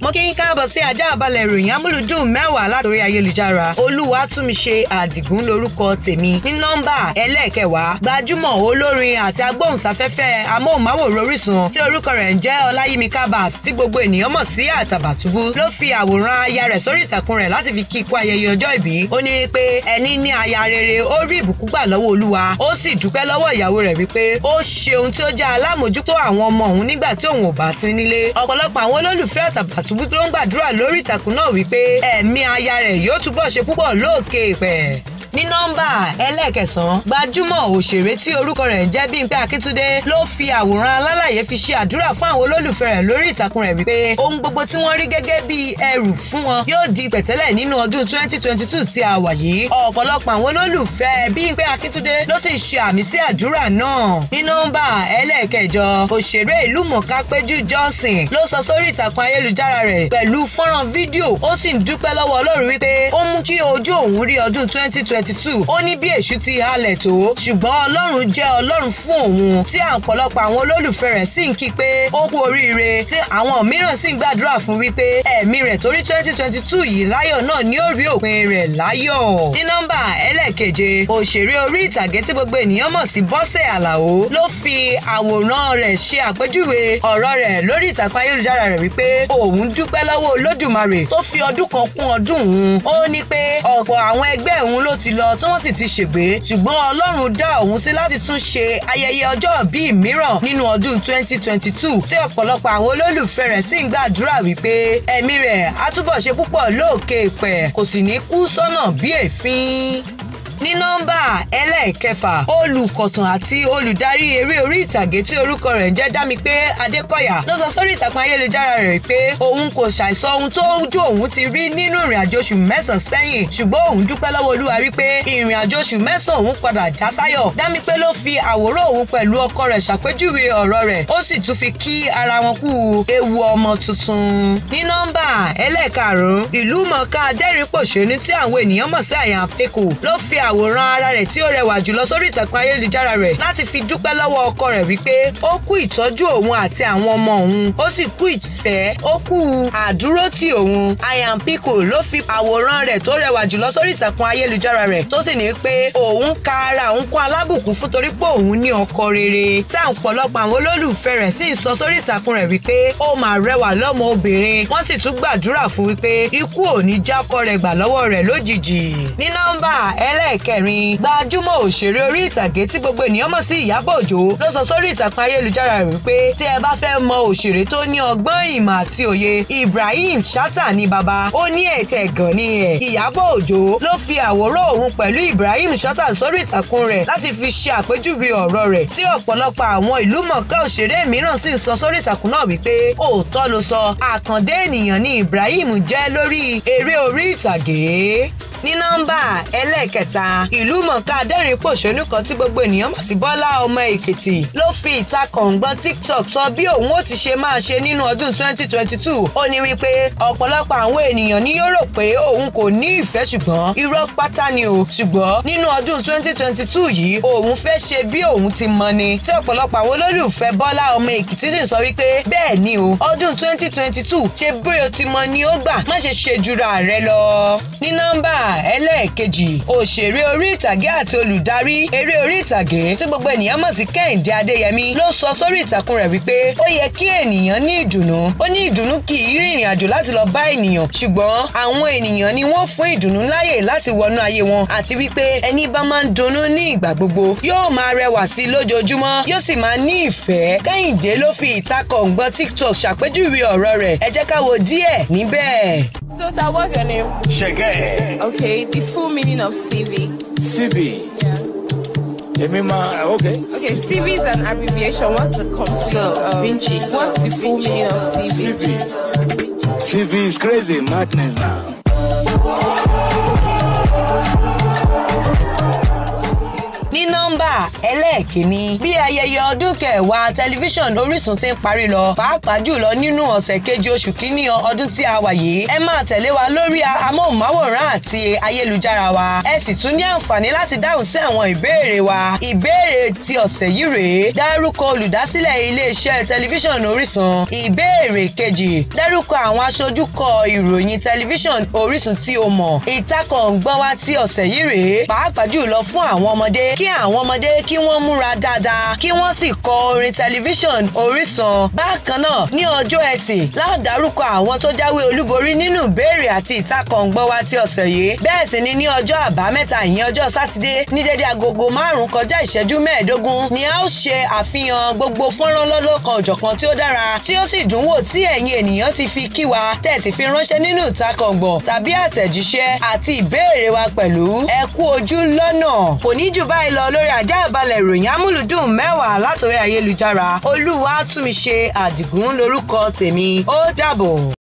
mo kí yín káàbọ̀ sí ajá àbálẹ̀ ìròyìn amúlùdùn mẹ́wàá látòrí ayélujára olúwatúnmíṣe àdìgún lórúkọ tèmi ní nọ́mbà ẹlẹ́ẹ̀kẹwàá gbajúmọ̀ olórin àti agbóhùnsáfẹ́fẹ́ amóhùnmáwòrán orísun tí orúkọ rẹ̀ ń jẹ́ ọláyímíkà bass tí gbogbo ènìyàn mọ̀ sí àtàbàtúbú ló fi àwòrán aya rẹ̀ sórí ìtàkùn rẹ̀ láti fi kí ikú ayẹyẹ ọjọ́ ìbí ó ní pé ẹni ní aya rere ó rí ìbùkún gbà lọ́wọ́ olúwa ó sì dúpẹ́ lọ́wọ́ ìyàwó rẹ̀ wípé ó ṣe ohun tí ó jẹ́ alámòjútó àwọn ọmọ òun nígbà tí òun ò bá sí nílé ọ̀pọ̀lọpọ̀ àwọn olólùfẹ́ àtàbàt àtúbú tó ń gbàdúrà lórí ìtàkùn náà wípé ẹ̀mí aya rẹ̀ yóò túbọ̀ ṣe púpọ̀ lóòkè ìpẹ̀ ní nọ́mbà ẹlẹ́ẹ̀kẹsàn-án gbajúmọ̀ òṣèré tí orúkọ rẹ̀ ń jẹ́ Bímpé Akíntúndé ló fi àwòrán alálàyé fi ṣe àdúrà fún àwọn olólùfẹ́ rẹ̀ lórí ìtàkùn rẹ̀ wípé ohun gbogbo tí wọ́n rí gẹ́gẹ́ bí ẹrù fún wọn yóò di pẹ̀tẹ́lẹ̀ nínú ọdún 2022 tí a wà yìí ọ̀pọ̀lọpọ̀ àwọn olólùfẹ́ Bímpé Akíntúndé ló sì ṣe àmì sí àdúrà náà ní nọ́mbà ẹlẹ́ẹ̀kẹjọ òṣèré ìlú mọ̀ká Péjú Johnson ló sọ sórí ìtàkùn ayélujára rẹ̀ pẹ̀lú fọ́nrán fídíò ó sì ń dúpẹ́ lọ́wọ́ Ọlọ́run wípé ó mú kí ojú òun rí ọdún 2022 twenty two ó ní bí èṣù ti halẹ̀ tó ṣùgbọ́n ọlọ́run jẹ́ ọlọ́run fún òun tí àpọ̀lọpọ̀ àwọn olólùfẹ́ rẹ̀ sì ń kí pé ó kú oríire tí àwọn mìíràn sì ń gbàdúrà fún wípé ẹ̀mí rẹ̀ torí twenty twenty two yìí láyọ̀ náà ni ó rí òpin rẹ̀ láyọ̀ ní nọ́mbà ẹlẹ́ẹ̀keje òṣèré orí ìtàgé tí gbogbo ènìyàn mọ̀ sí Bọ́sẹ̀ Àlàó ló fi àwòrán rẹ̀ ṣe àpèjúwe ọ̀rọ̀ rẹ̀ lórí ìtàkùn ayélujára rẹ̀ wípé òun dúpẹ́ lọ́wọ́ olódùmarè tó fi ọdún kan kún ọdún òun ó ní pé ọ̀pọ̀ àwọn ẹgbẹ́ òun ló ti ti lọ tí wọ́n sì ti ṣègbé ṣùgbọ́n ọlọ́run dá òun sí láti tún ṣe ayẹyẹ ọjọ́ ìbí mìíràn nínú ọdún 2022 tí ọ̀pọ̀lọpọ̀ àwọn olólùfẹ́ rẹ̀ sì ń gbàdúrà wípé ẹ̀mí rẹ̀ á túbọ̀ ṣe púpọ̀ lóòkè ìpẹ̀ kò sì ní kú sọ́nà bí èéfín ní nọ́mbà ẹlẹ́ẹ̀kẹfà olùkọ̀tàn àti olùdarí eré orí ìtàgé tí orúkọ rẹ̀ ń jẹ́ Dámipé Adékọ̀yà ló sọ sórí ìtàkùn ayélujára rẹ̀ pé òun kò ṣàìsọ ohun tó ojú òun ti rí nínú ìrìn àjò oṣù mẹ́sàn-án sẹ́yìn ṣùgbọ́n òun dúpẹ́ lọ́wọ́ Olúwa wípé ìrìn àjò oṣù mẹ́sàn-án òun padà já sáyọ̀ Dámipé ló fi àwòrán òun pẹ̀lú ọkọ rẹ̀ ṣàpèjúwe ọ̀rọ̀ rẹ̀ ó sì tún fi kí ara wọn kú ewu ọmọ tuntun ní nọ́mbà ẹlẹ́ẹ̀karùn-ún ìlú mọ̀ọ́ká adẹ́rìnpòṣónú tí fi à àwòrán ara rẹ̀ tí ó rẹwà jùlọ sórí ìtàkùn ayélujára rẹ̀ láti fi dúpẹ́ lọ́wọ́ ọkọ rẹ̀ wípé ó kú ìtọ́jú òun àti àwọn ọmọ òun ó sì kú ìfẹ́ ó kú àdúrótì òun Ian Pico ló fi àwòrán rẹ̀ tó rẹwà jùlọ sórí ìtàkùn ayélujára rẹ̀ tó sì ní pé òun ka ara òun kún alábùkún fún torí pé òun ní ọkọ rere tá ọ̀pọ̀lọpọ̀ àwọn olólùfẹ́ rẹ̀ sì ń sọ sórí ìtàkùn rẹ̀ ẹlẹ́ẹ̀kẹrin gbajúmọ̀ òṣèré orí ìtàgé tí gbogbo ènìyàn mọ̀ sí Ìyábọ̀ Òjó ló sọ sórí ìtàkùn ayélujára rẹ̀ wípé tí ẹ bá fẹ́ mọ òṣèré tó ní ọgbọ́n ìmọ̀ àti òye Ibrahim Shatta ni bàbá ó ní ẹ̀tẹ̀ gan ni ẹ̀ Ìyábọ̀ Òjó ló fi àwòrán òun pẹ̀lú Ibrahim Shatta sórí ìtàkùn rẹ̀ láti fi ṣe àpèjúwe ọ̀rọ̀ rẹ̀ tí ọ̀pọ̀lọpọ̀ àwọn ìlú mọ̀ọ́ká òṣèré mìíràn sì sọ sórí ìtàkùn náà wípé òótọ́ ló sọ àkàndé ènìyàn ni Ibrahim jẹ́ lórí eré orí ní nọ́mbà ẹlẹ́ẹ̀kẹta ìlú mọ̀ká adẹ́rìn pòṣónú kan tí gbogbo ènìyàn mọ̀ sí Bọ́lá ọmọ Èkìtì ló fi ìtakọ̀ǹgbọ́n TikTok sọ bí òun ó ti ṣe máa ṣe nínú ọdún 2022 ó ní wípé ọ̀pọ̀lọpọ̀ àwọn ènìyàn ní yóò rò pé òun kò ní ìfẹ́ ṣùgbọ́n irọ́ pátá ni o ṣùgbọ́n nínú ọdún 2022 yìí òun fẹ́ ṣe bí òun ti mọ ni tí ọ̀pọ̀lọpọ̀ àwọn olólùfẹ́ Bọ́lá ọmọ Èkìtì sì 2022 ṣe bóyá o ti mọ ni ó ẹlẹ́ẹ̀kejì òṣèré orí ìtàgé àti olùdarí eré orí ìtàgé tí gbogbo ènìyàn mọ̀ sí kẹ́hìndé adéyẹmí ló sọ sórí ìtàkùn rẹ̀ wípé ó yẹ kí ènìyàn ní ìdùnnú ó ní ìdùnnú kì í rìnrìn àjò láti lọ bá ènìyàn ṣùgbọ́n àwọn ènìyàn ni wọ́n fún ìdùnnú láyè láti wọnú ayé wọn àti wípé ẹni bá máa ń dunnú ní ìgbà gbogbo yóò máa rẹwà sí i lójoojúmọ́ yóò sì máa ní ìfẹ́ kẹ́hìndé ló fi ìtakọ̀ tiktok ṣàpèjúwe ọ̀rọ̀ rẹ̀ ẹ jẹ́ ká wo díẹ̀ níbẹ̀. So, sir, what's your name? Shege. Okay, the full meaning of CV. CV. Yeah. Emima, okay. Okay, CV is an abbreviation. What's the complete? um, Vinci. What's the full meaning of CV? CV. CV is crazy madness now. ẹlẹ́ẹ̀kínní. bí ayẹyẹ ọdún kẹwàá tẹlifíṣàn Orísun ti ń parí lọ pàápàá jùlọ nínú ọ̀sẹ̀ kejì oṣù kínní ọdún tí a wà yìí ẹ máa tẹ̀lé wa lórí amóhùnmáwòrán àti ayélujára wa ẹ sì tún ní àǹfààní láti dáhùn sí àwọn ìbéèrè wa ìbéèrè ti ọ̀sẹ̀ yìí rèé dárúkọ olùdásílẹ̀ iléeṣẹ́ tẹlifíṣàn Orísun ìbéèrè kejì dárúkọ àwọn aṣojú kọ ìròyìn tẹlifíṣàn Orísun tí o mọ̀ ìtakọ̀ǹgbọ́n wa ti ọ̀sẹ̀ yìí rèé pàápàá jùlọ fún àwọn ọmọdé kí àwọn ọmọdé kí wọ́n ó múra dáadáa kí wọ́n sì kọ orin tẹlifíṣàn Orísun bákan náà ní ọjọ́ ẹtì ládàrúkọ àwọn tó jáwé olúborí nínú ìbéèrè àti ìtakọ̀ǹgbọ́ wa ti ọ̀sẹ̀ yìí bẹ́ẹ̀ sì ni ní ọjọ́ àbámẹ́ta ìyẹn ọjọ́ sátidé ní dédé agogo márùn-ún kọjá ìṣẹ́jú mẹ́ẹ̀ẹ́dógún ni a ó ṣe àfihàn gbogbo fọ́nrán lọ́lọ́kan òjọ̀kan tí ó dára tí ó sì dùn wò tí ẹ̀yin ènìyàn ti fi kí wa tẹ̀sí fi ránṣẹ́ nínú ìtakọ̀ǹgbọ̀ tàbí àtẹ̀jíṣẹ́ àti ìbéèrè wa pẹ̀lú ẹ kú ojú lọ́nà kò ní jù báyìí lọ lórí ajá ìbalẹ̀ ìròyìn amúlùdùn mẹ́wàá látòrí ayélujára olúwa túnmí ṣe àdìgún lórúkọ tèmi ó dàbọ̀.